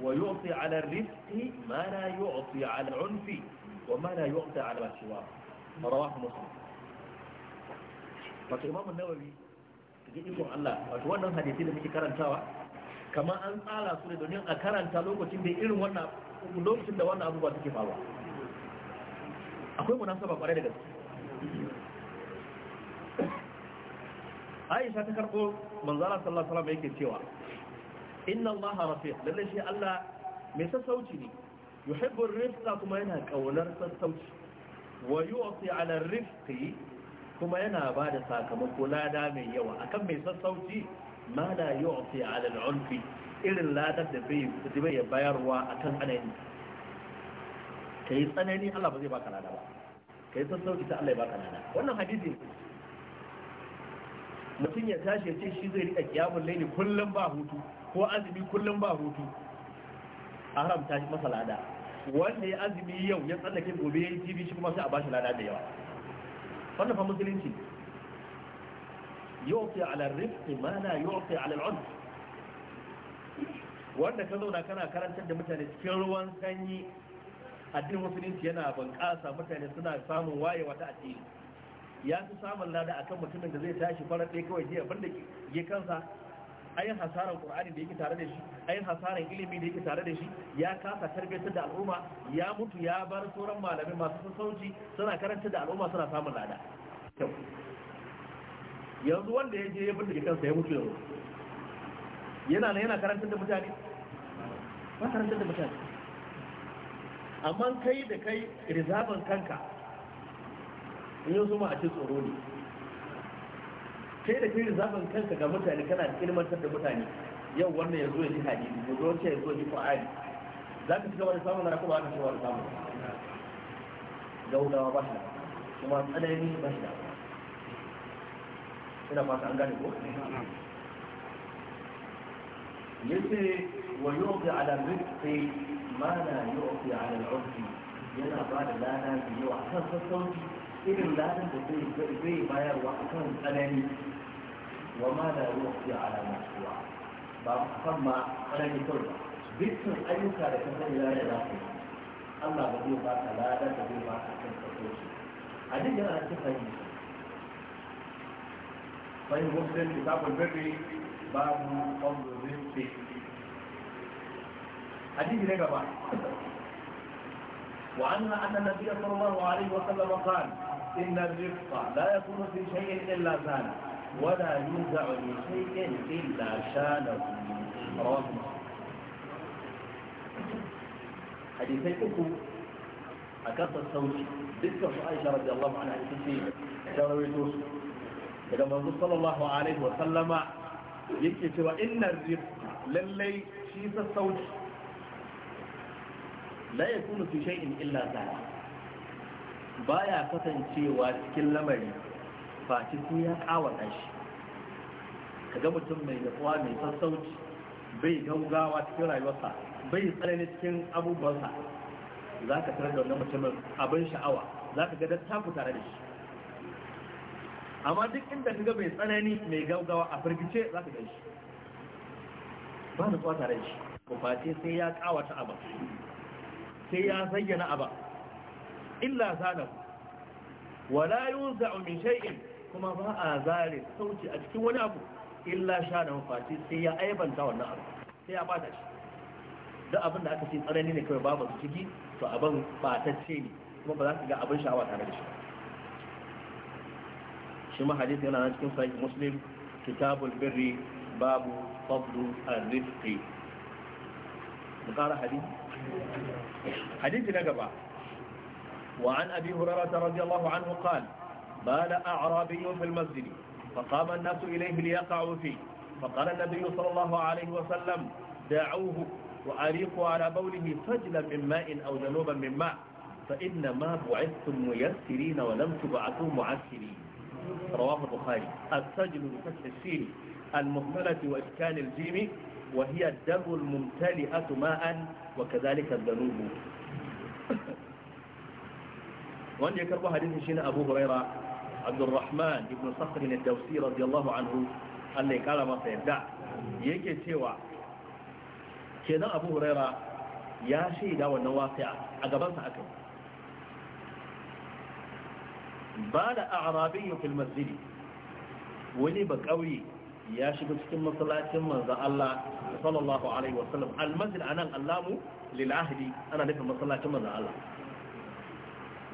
ويعطي على الرزق ما لا يعطي على العنف وما لا يعطي على الشواء رواه مسلم فالإمام النووي يقول الله أتوانا هديثي لمكي كارن تاوى كما أن أعلى سورة دنيا أكارن تلوك وشمدي إلو وانا أقولوك شمد وانا أبو باتكي فالوا أقول منام سبب aisha ta karɓo manzara sallallahu alaihi wasallam yake cewa inna allaha rafi lalle shi allah mai sassauci ne yuhibbu rifqa kuma yana kaunar sassauci wa yu'ti ala rifqi kuma yana ba da sakamako lada mai yawa akan mai sassauci ma la yu'ti ala al'unfi irin ladar da bai ya bayarwa akan anani kai tsanani Allah ba zai baka lada ba kai sassauci ta Allah ya baka lada wannan hadisi mutum ya tashi ya ce shi zai rika kiyamun laili kullum ba hutu ko azumi kullum ba hutu a haramta shi masa lada wanda ya azumi yau ya tsallake gobe ya yi jibi shi kuma sai a ba shi lada da yawa wannan fa musulunci yau ala rifqi ma la yuqi ala al wanda ka zauna kana karantar da mutane cikin ruwan sanyi addinin musulunci yana bunƙasa mutane suna samun wayewa ta addini ya fi samun lada akan mutumin da zai tashi farar ɗaya kawai jiya banda ya kansa ayin hasaran ƙur'ani da yake tare da shi ayin hasaran ilimi da yake tare da shi ya kasa tarbiyyar da al'umma ya mutu ya bar sauran malamai masu sassauci suna karanta da al'umma suna samun lada yanzu wanda ya je ya bindike kansa ya mutu yanzu yana nan yana karantar da mutane ba karantar da mutane amma kai da kai rizaban kanka in yanzu ma a ce tsoro ne kai da kai zafin kanka ga mutane kana ilmantar da mutane yau wannan ya zo ya ji hadisi gobe wancan ya zo ya ji qur'ani za ka ci wani da samun rako ba ka da samun gaugawa ba shi kuma tsanani ba shi da ina fata an gane ko yace wa yuqi ala rizqi ma la yuqi ala al-urfi yana ba da lana biyu a kan sassauci إذن لازم تضيف إذن ما يروحكم أناني وما لا يوقف على مشروع بعد فما أنا يقول بيتم أي كارة تنزل إلى يداتي الله بدي باك لا لا بدي باك أكثر تقوشي أجل جرى أنت خيري طيب مسلم كتاب البري باب قول رزق أجل جرى كبار وعن أن النبي صلى الله عليه وسلم قال إن الرفق لا يكون في شيء إلا زانه ولا ينزع من شيء إلا شانه رواه حديثي أكو أكثر الصوت ذكر عائشة رضي الله عنها كثير شروي ويتوس إذا منذ صلى الله عليه وسلم يكتب وإن الرفق للي شيء الصوت لا يكون في شيء إلا زانه baya kasancewa cikin lamari faci sai ya kawata shi kaga mutum mai natsuwa mai sassauci bai gaugawa cikin rayuwarsa bai tsanani cikin abubuwansa za ka tarar da wannan mutumin abin sha'awa za ka gada taku tare da shi amma duk inda kaga mai tsanani mai gaugawa a firgice za ka gan shi ba natsuwa tare da shi ko face sai ya kawata abin sai ya zayyana abin illa zalahu wala yunza'u min shay'in kuma ba a zare sauci a cikin wani abu illa sha da mafati sai ya aibanta wannan abu sai ya bata shi duk abin da aka ce tsanani ne kawai babu su ciki to abin ce ne kuma ba za ka ga abin sha'awa tare da shi shi ma hadisi yana nan cikin sahih muslim kitabul birri babu fadlu ar-rizqi mu kara hadisi hadisi na gaba وعن أبي هريرة رضي الله عنه قال بال أعرابي في المسجد فقام الناس إليه ليقعوا فيه فقال النبي صلى الله عليه وسلم دعوه وأريقوا على بوله فجلا من ماء أو جنوبا من ماء فإنما بعثتم ميسرين ولم تبعثوا معسرين رواه البخاري السجل بفتح السين المهملة وإسكان الجيم وهي الدم الممتلئة ماء وكذلك الذنوب wanda ya karbo hadisin shine Abu Huraira Abdurrahman ibn Sakhr al-Dawsi radiyallahu anhu Allah ya kara masa yadda yake cewa kenan Abu Huraira ya shaida wannan wasi'a a gaban sa akai bala a'rabi fi al-masjid wani ba kauye ya shiga cikin masallacin manzon sallallahu alaihi wasallam al-masjid anan allamu lil ahdi ana nufin masallacin manzon Allah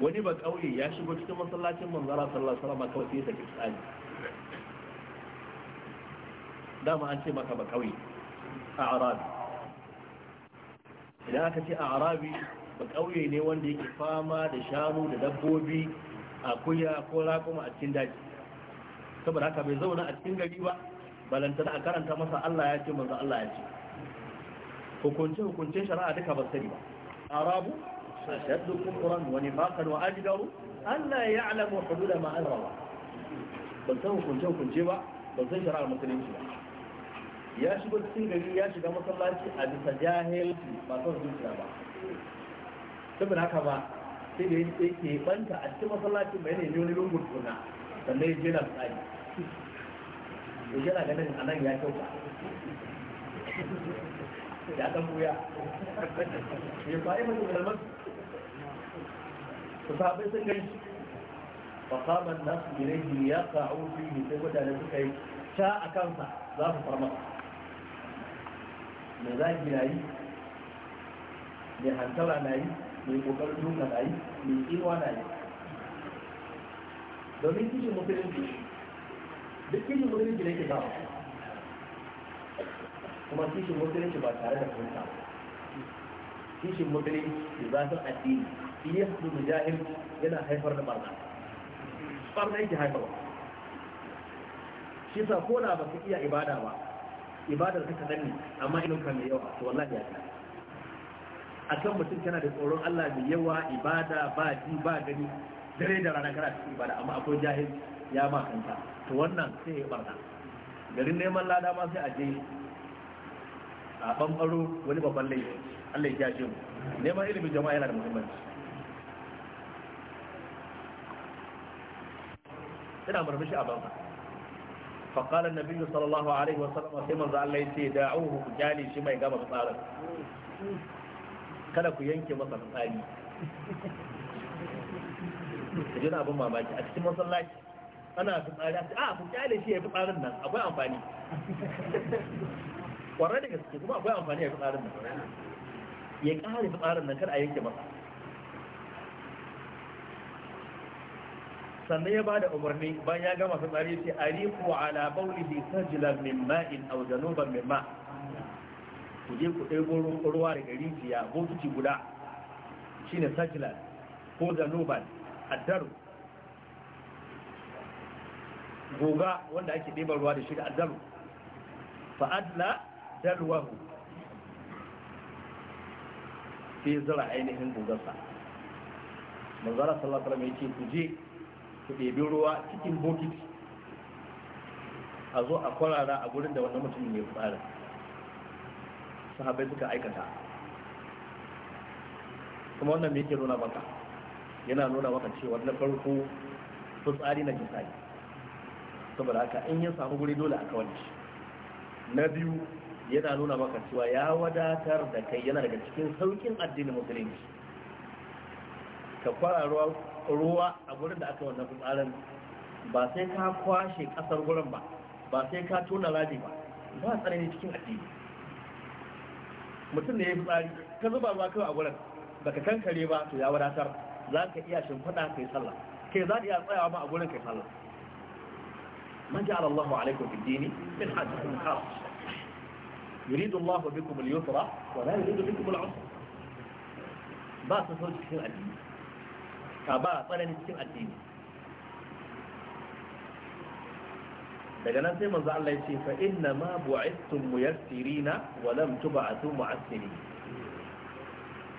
wani ba kauye ya shigo cikin masallacin manzara sallallahu alaihi wasallam kawai sai ya saki dama an ce maka ba kauye a arabi idan aka ce arabi ba kauye ne wanda yake fama da shanu da dabbobi akuya ko raƙuma a cikin daji saboda haka bai zauna a cikin gari ba balantana a karanta masa Allah ya ce manzo Allah ya ce hukunce hukuncen shari'a duka ba sani ba arabu أشد كفرا ونفاقا وأجدر أن لا يعلم حدود ما أنزل الله بل سوف كنجو كنجيبا بل سوف المسلمين ya shigo cikin gari ya shiga masallaci a bisa jahilci ba son zuciya ba saboda haka ba sai da yake ke banta a cikin masallacin mai ne wani lungun tuna sannan ya je na tsari to yana ganin a nan ya kyauta ya buya ya fa'i mutum da sahabbai sun gani fa qama an-nas ilayhi yaqa'u fihi sai mutane suka yi ta a kansa za su farma me za ki yi? me hantara na yi me kokarin duka na yi me tsinuwa na yi domin kishin musulunci duk kishin musulunci ne ke zama kuma kishin musulunci ba tare da kunta kishin musulunci da zafin addini yi haɗu da jahil yana haifar da barna barna yake haifarwa shi sa ko da ba su iya ibada ba ibadar ka kaɗan ne amma ilinka mai yawa to wallahi ya ta a kan mutum kana da tsoron Allah mai yawa ibada ba ji ba gani dare da rana kana cikin ibada amma akwai jahil ya makanta to wannan sai ya barna garin neman lada ma sai a je a ɓanɓaro wani babban laifi Allah ya ji mu neman ilimin jama'a yana da muhimmanci ina murmushi a banza faƙalar nabi sallallahu alaihi wasallam sai manzo Allah ya ce da'uhu ku kyale shi mai gama fitsarin kada ku yanke masa fitsari ka ji abin mamaki a cikin masallaci ana fitsari a ku kyale shi ya fi tsarin nan akwai amfani kwarar da gaske kuma akwai amfani ya fi tsarin nan ya ƙare fi tsarin nan kar a yanke masa sannan ya bada umarni bayan ya gama fitsari ce ariku ala baulihi sajlan min ma'in aw januban min ma ku je ku ɗebo ruwa daga rijiya bokiti guda shine sajlan ko januban addaru goga wanda ake ɗeba ruwa da shi da addaru fa'adla dalwahu sai zira ainihin gogarsa manzara sallallahu alaihi wasallam yake ku je su ɗebi ruwa cikin bokiti a zo a kwarara a gurin da wannan mutumin ya tsara sahabai suka aikata kuma wannan me yake nuna maka yana nuna maka cewa na farko su tsari na jisai saboda haka in ya samu guri dole a kawance. na biyu yana nuna maka cewa ya wadatar da kai yana daga cikin saukin addinin musulunci ka kwararwa ruwa a gurin da aka wannan fitsarin ba sai ka kwashe kasar gurin ba ba sai ka tona radi ba ba a tsarin cikin addini mutum da ya yi fitsari ka zuba ruwa kawai a gurin ba ka kankare ba to ya wadatar za ka iya shimfiɗa kai sallah kai za ka iya tsayawa ma a gurin ka yi sallah man ji alallahu alaikum fi dini min hajjatin khas yuridu Allahu bikum al-yusra wa la yuridu bikum al-usra ba su sauki cikin addini a tsananin cikin addini daga nan sai manzo Allah ya ce fa inna ma bu'ithtum muyassirina wa lam tub'atu mu'assirin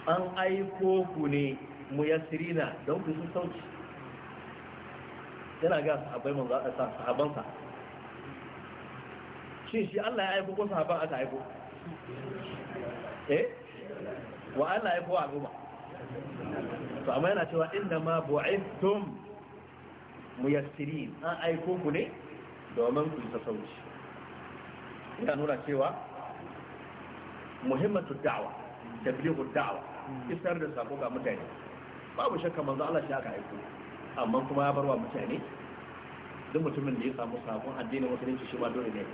an aiko ku ne muyassirina don ku sun sauki yana ga sahabbai manzo Allah sa sahaban sa shin shi Allah ya aiko ko sahaban aka aiko eh wa Allah ya aiko a goma. to amma yana cewa inda ma bu'ithum muyassirin an aiko ku ne domin ku yi sauci yana nuna cewa muhimmatu da'wa tablighu da'wa isar da sako ga mutane babu shakka manzo Allah shi aka aiko amma kuma ya barwa mutane duk mutumin da ya samu sakon addinin musulunci shi ma dole ne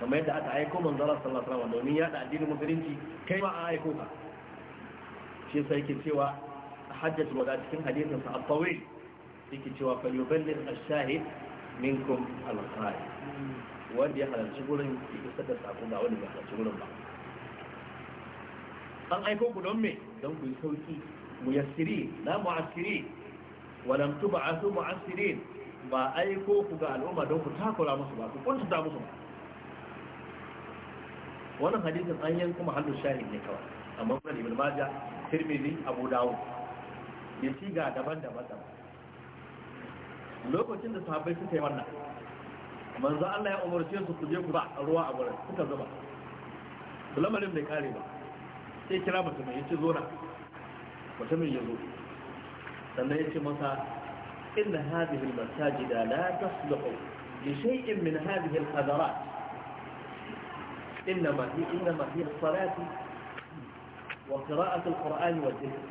kamar yadda aka aiko manzo Allah sallallahu alaihi wasallam domin yada addinin musulunci kai ma aiko ka shi yasa yake cewa hajjatul wada cikin hadisin sa at-tawil yake cewa fa yuballi ash-shahid minkum al-qari wanda ya halarci gurin ya isar da sako ga wanda ya halarci gurin ba an aiko ku don me don ku yi sauki muyassiri la mu'assiri wa lam tub'athu mu'assirin ba aiko ku ga al'umma don ku takura musu ba ku ta musu ba wannan hadisin an yanku mahallin shahid ne kawai amma ibn majah tirmidhi abu dawud ya siga daban-daban lokacin da sahabbai suka yi wannan manzo Allah ya umarce su ku je ku ba ruwa a gurin suka zuba lamarin bai kare ba sai kira mutum ya ce zo na mutumin ya zo sannan ya ce masa inna hadhihi al-masajida la tasluhu li shay'in min hadhihi al-hadarat inna ma hiya inna ma hiya as-salatu wa qira'atul qur'ani wa dhikr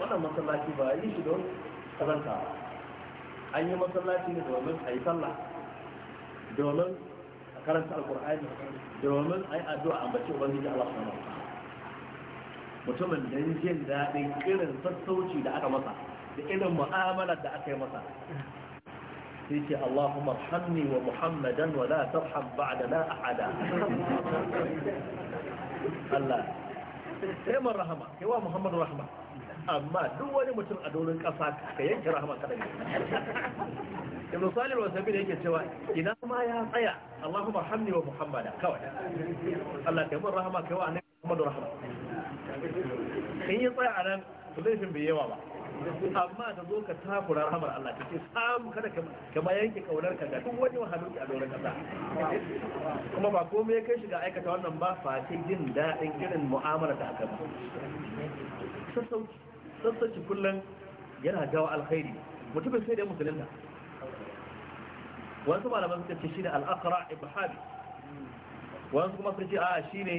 wannan masallaci ba yi shi don karanta an yi masallaci ne domin a yi sallah domin a karanta alqur'ani domin a yi addu'a ambaci ubangiji Allah subhanahu mutumin da jin daɗin irin sassauci da aka masa da irin mu'amalar da aka yi masa sai ce Allahumma hamni wa Muhammadan wa la tarham ba'da la ahada Allah sai man rahama yawa muhammad rahama amma duk wani mutum a doron kasa ka yanke rahama kada ibn salih wa sabi da yake cewa ina ma ya tsaya allahumma hamni wa muhammada kawai Allah kai mun rahama kai wa annabi muhammad rahama in yi tsaya a nan zai fi bai yawa ba amma ka zo ka takura rahamar Allah ka ce samu kada ka ma yanke kaunar ka ga duk wani wahalun a doron kasa kuma ba komai ya kai shi ga aikata wannan ba face jin daɗin irin mu'amala da aka ba sassauci kullum yana dawo alkhairi mutumin sai da musulunta wasu malaman suka ce shi ne al'akara ibhabi wasu kuma suka ce a shi ne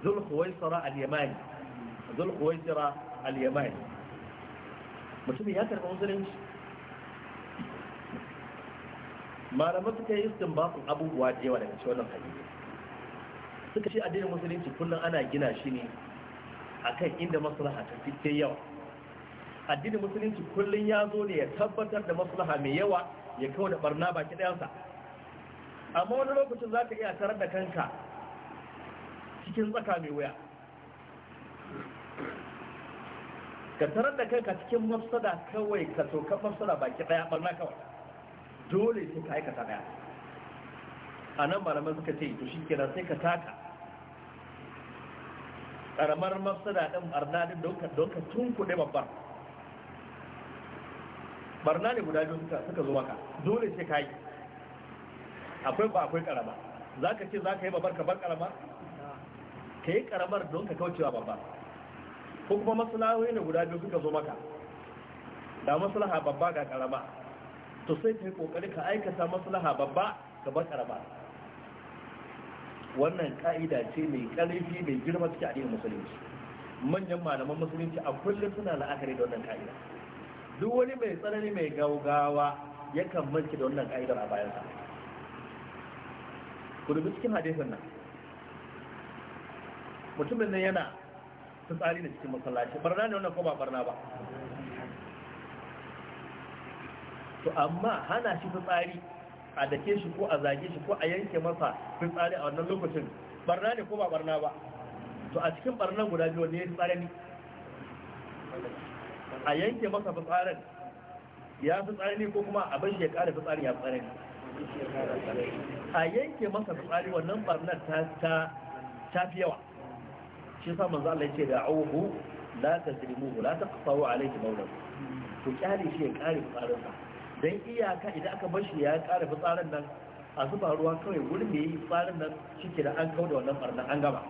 zulhuwaisara al-yamani mutumin ya karɓi musulunci malamai suka yi istinbatun abubuwa da yawa daga cewa wannan suka ce addinin musulunci kullum ana gina shi ne akan inda maslaha ta fi ta yawa addinin musulunci kullum ya zo ne ya tabbatar da maslaha mai yawa ya kawo da barna baki ɗayansa amma wani lokacin za ka iya tarar da kanka cikin tsaka mai wuya ka tarar da kanka cikin mafsada kawai ka soka mafsada baki daya barna kawai dole sai ka aikata daya a nan malaman suka ce to shikenan sai ka taka karamar mafsada din barna din don ka don ka tunkuɗe babbar barna ne guda biyu suka zo maka dole sai ka yi akwai ba akwai karama za ka ce za ka yi babbar ka bar karama ka yi karamar don ka kaucewa babbar ko kuma maslahoyi ne guda biyu suka zo maka da maslaha babba ga karama to sai ka yi kokari ka aikata maslaha babba ka bar karama wannan ka'ida ce mai karfi mai girma cikin addinin musulunci manyan malaman musulunci a kullum suna la'akari da wannan ka'ida duk wani mai tsanani mai gaugawa yakan manke da wannan ka'idar a bayansa ku dubi cikin hadisin nan mutumin nan yana tsari da cikin masallaci barna ne wannan ko ba barna ba to amma hana shi tsari a dake shi ko a zage shi ko a yanke masa tsari a wannan lokacin barna ne ko ba barna ba to a cikin barnan guda biyu ne ya tsari ne a yanke masa tsarin ya tsari ne ko kuma abin shi ya kara tsari ya tsari ne a yanke masa tsari wannan ta ta fi yawa shi sa manzo Allah da da'uhu la tazrimuhu la taqtaru alayhi mawla ku kyale shi ya kare sa dan iyaka idan aka bar shi ya kare fitsarin nan a zuba ruwa kawai wurin da yayi fitsarin nan shike da an kauda wannan barna an gaba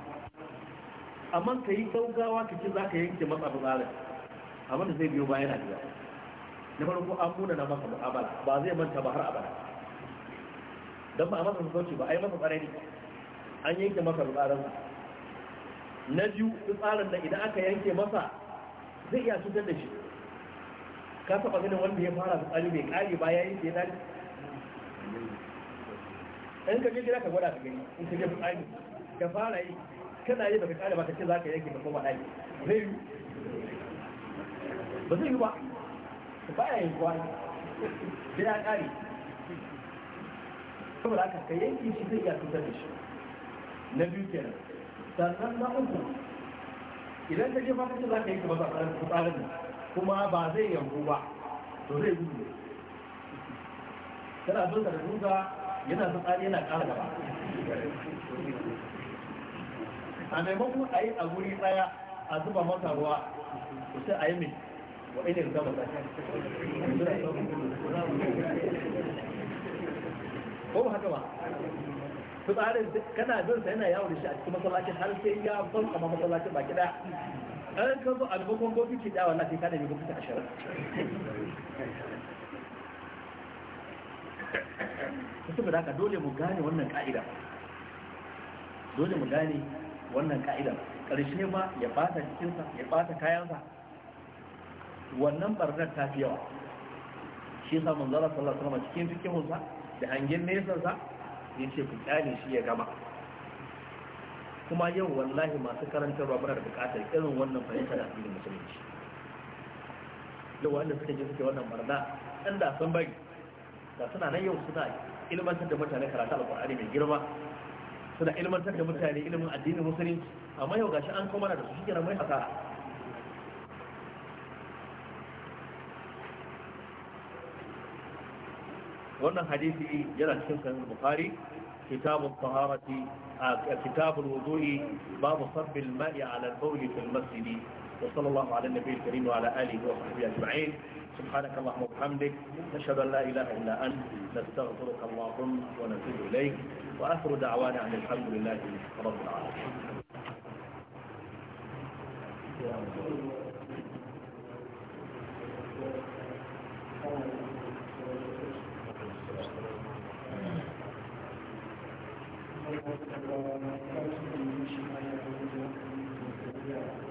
amma ka yi gaugawa ka za ka yanke masa fitsarin amma da zai biyo baya na biya na farko an muna na masa mu'amala ba zai manta ba har abada dan ba a masa sauci ba a yi masa ne. an yanke masa sa na biyu tsarin da idan aka yanke masa zai iya cutar da shi ka taba ganin wanda ya fara tsari mai kari ba ya yi ke nan in ka je gida ka gwada ka gani in ka je tsari ka fara yi kana yi baka ƙare ba ka ce za ka yanke ka kuma ɗaki zai yi ba zai yi ba ba ya yin kuwa ya ƙari saboda haka ka yanke shi zai iya cutar da shi na biyu kenan sannan na uku idan ka je ba za ka yi ka ba tsarin kuma ba zai yanku ba to zai gudu ne tana zuwa da zuwa yana tsari yana ƙara gaba a maimakon a yi a guri tsaya a zuba masa ruwa sai a yi mai wa ainihin zama ta ko haka ba fitsarin kana bin sa yana yawo da shi a cikin masallacin har sai ya ban kama masallacin baki daya an ka zo albukum gobi ki dawa na sai ka da mi gobi ta ashirin da haka dole mu gane wannan ka'ida dole mu gane wannan ka'ida ƙarshe ma ya bata jikinsa ya bata kayansa wannan barnar ta fi yawa shi yasa manzara sallallahu alaihi wasallam cikin fikihunsa da hangen nesa sa ya ce ku kyale shi ya gama kuma yau wallahi masu karanta baburar bukatar irin wannan fahimta da addinin musulunci yau wanda suka je suke wannan barna ɗan da sun bari da suna nan yau suna ilmantar da mutane karatu alƙur'ani mai girma suna ilmantar da mutane ilimin addinin musulunci amma yau gashi an kuma da su shi mai hasara wannan hadisi yana cikin sahih bukhari kitab at-taharati kitab al-wudu'i babu sabb al-ma'i 'ala al-bawl fi al-masjid wa sallallahu 'ala an-nabiy al-karim wa 'ala alihi wa sahbihi ajma'in سبحانك اللهم وبحمدك نشهد أن لا إله إلا أنت نستغفرك اللهم ونتوب إليك وآخر دعوانا عن الحمد لله رب العالمين Thank you. Thank you.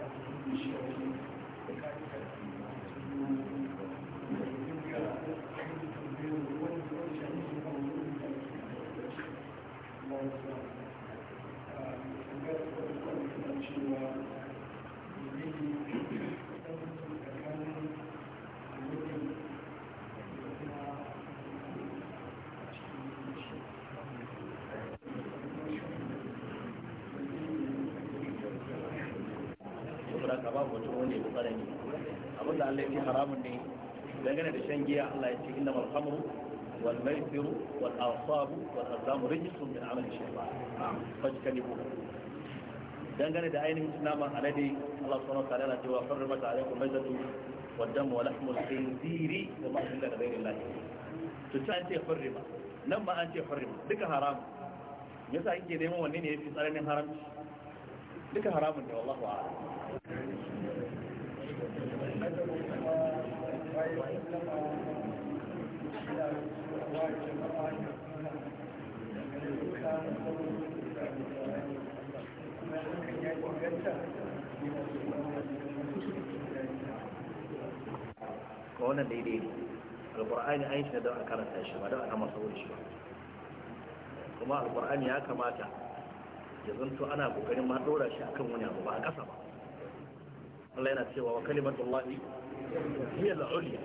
abinda da Allah ya ce haramun ne dangane da shan giya Allah ya ce inna mal khamru wal maisiru wal asabu wal azamu rijsun min amali shaytan fajkanibu dangane da ainihin sunaman alade Allah subhanahu wa ta'ala ya ce wa farrama alaikum maitatu wad damu wa lahmul khinziri wa ma illa ghayrillah to ta ce farrama nan ba an ce farrama duka haramun yasa yake neman wanne ne yafi tsaranin haramci duka haramun ne wallahu a'lam ga wannan daidai ne alkur'ani an shi don a karanta shi ba don a kama saurin shi kuma alkur'ani ya kamata ya zanto ana kokarin ma dora shi akan wani abu ba a kasa ba Allah yana cewa wa kalimatullahi hiya al-ulya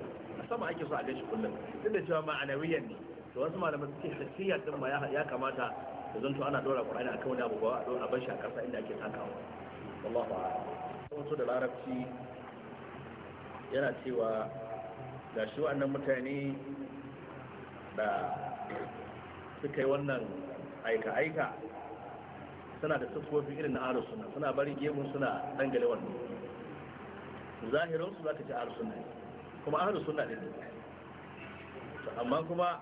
sama ake so a gashi kullum duk da cewa ma'anawiyan ne to wasu malaman suke hissiyar din ma ya kamata da zanto ana dora qur'ani akan wani abu ba a bar shi a ƙasa inda ake takawa wallahi ba wato da larabci yana cewa ga shi wannan mutane da suka yi wannan aika-aika suna da siffofi irin na aro suna suna bari gemu suna dangale wannan zahirin su ka ci ahlus sunna kuma ahlus sunna din amma kuma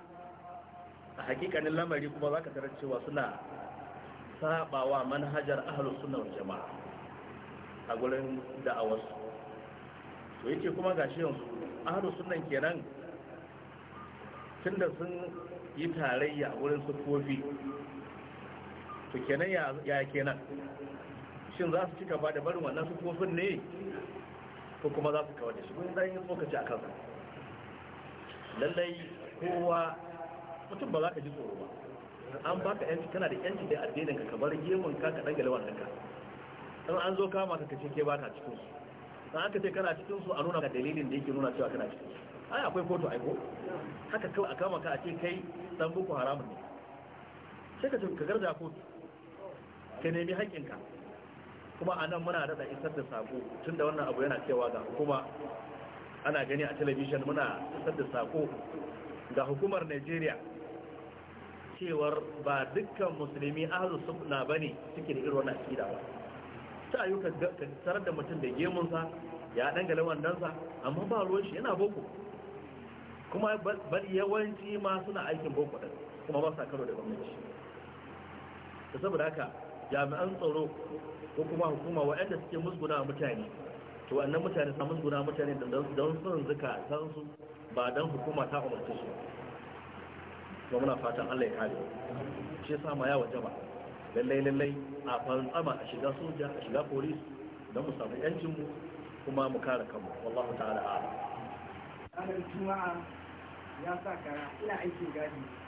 a hakikanin lamari kuma ka tarar cewa suna sabawa manhajar ahalus suna jamaa a gurin da'awarsu to yake kuma shi yanzu ahlus sunnan kenan tunda sun yi tarayya a wurin sufofi to kenan ya kenan shin za su cika ba da barin wannan sufofin ne ko kuma za su kawar da shi kun dan yin tsokaci a kansa lallai kowa mutum ba za ka ji tsoro ba an baka yanci kana da yanci da addinin ka kamar gemun ka kaɗan dangale wannan ka in an zo kama ka kace ke baka cikin su in aka ce kana cikin su a nuna ka dalilin da yake nuna cewa kana cikin su ai akwai kotu aiko haka kawai a kama ka a ce kai dan boko haramun ne sai ka ce ka garza kotu ka nemi haƙƙinka kuma a nan muna daɗa isar da sako tun da wannan abu yana cewa ga hukuma ana gani a talabishin muna isar da sako ga hukumar nigeria cewar ba dukkan musulmi na ba bane suke da irin wannan akida ba ta ayyuka ka tarar da mutum da gemunsa ya gale wandansa amma ba ruwan shi yana boko kuma bal yawanci ma suna aikin boko din kuma ba sa karo da gwamnati da saboda haka jami'an tsaro ko kuma hukuma waɗanda suke musguna mutane to wannan mutane sa musguna mutane don sun zuka san su ba don hukuma ta umarci su ba muna fatan Allah ya kare shi yasa ma waje ba, lallai lallai a farin tsama, a shiga soja a shiga polis don mu samu yancin mu kuma mu kare kanmu wallahu ta'ala a'lam ranar ya sa kara ina aikin gadi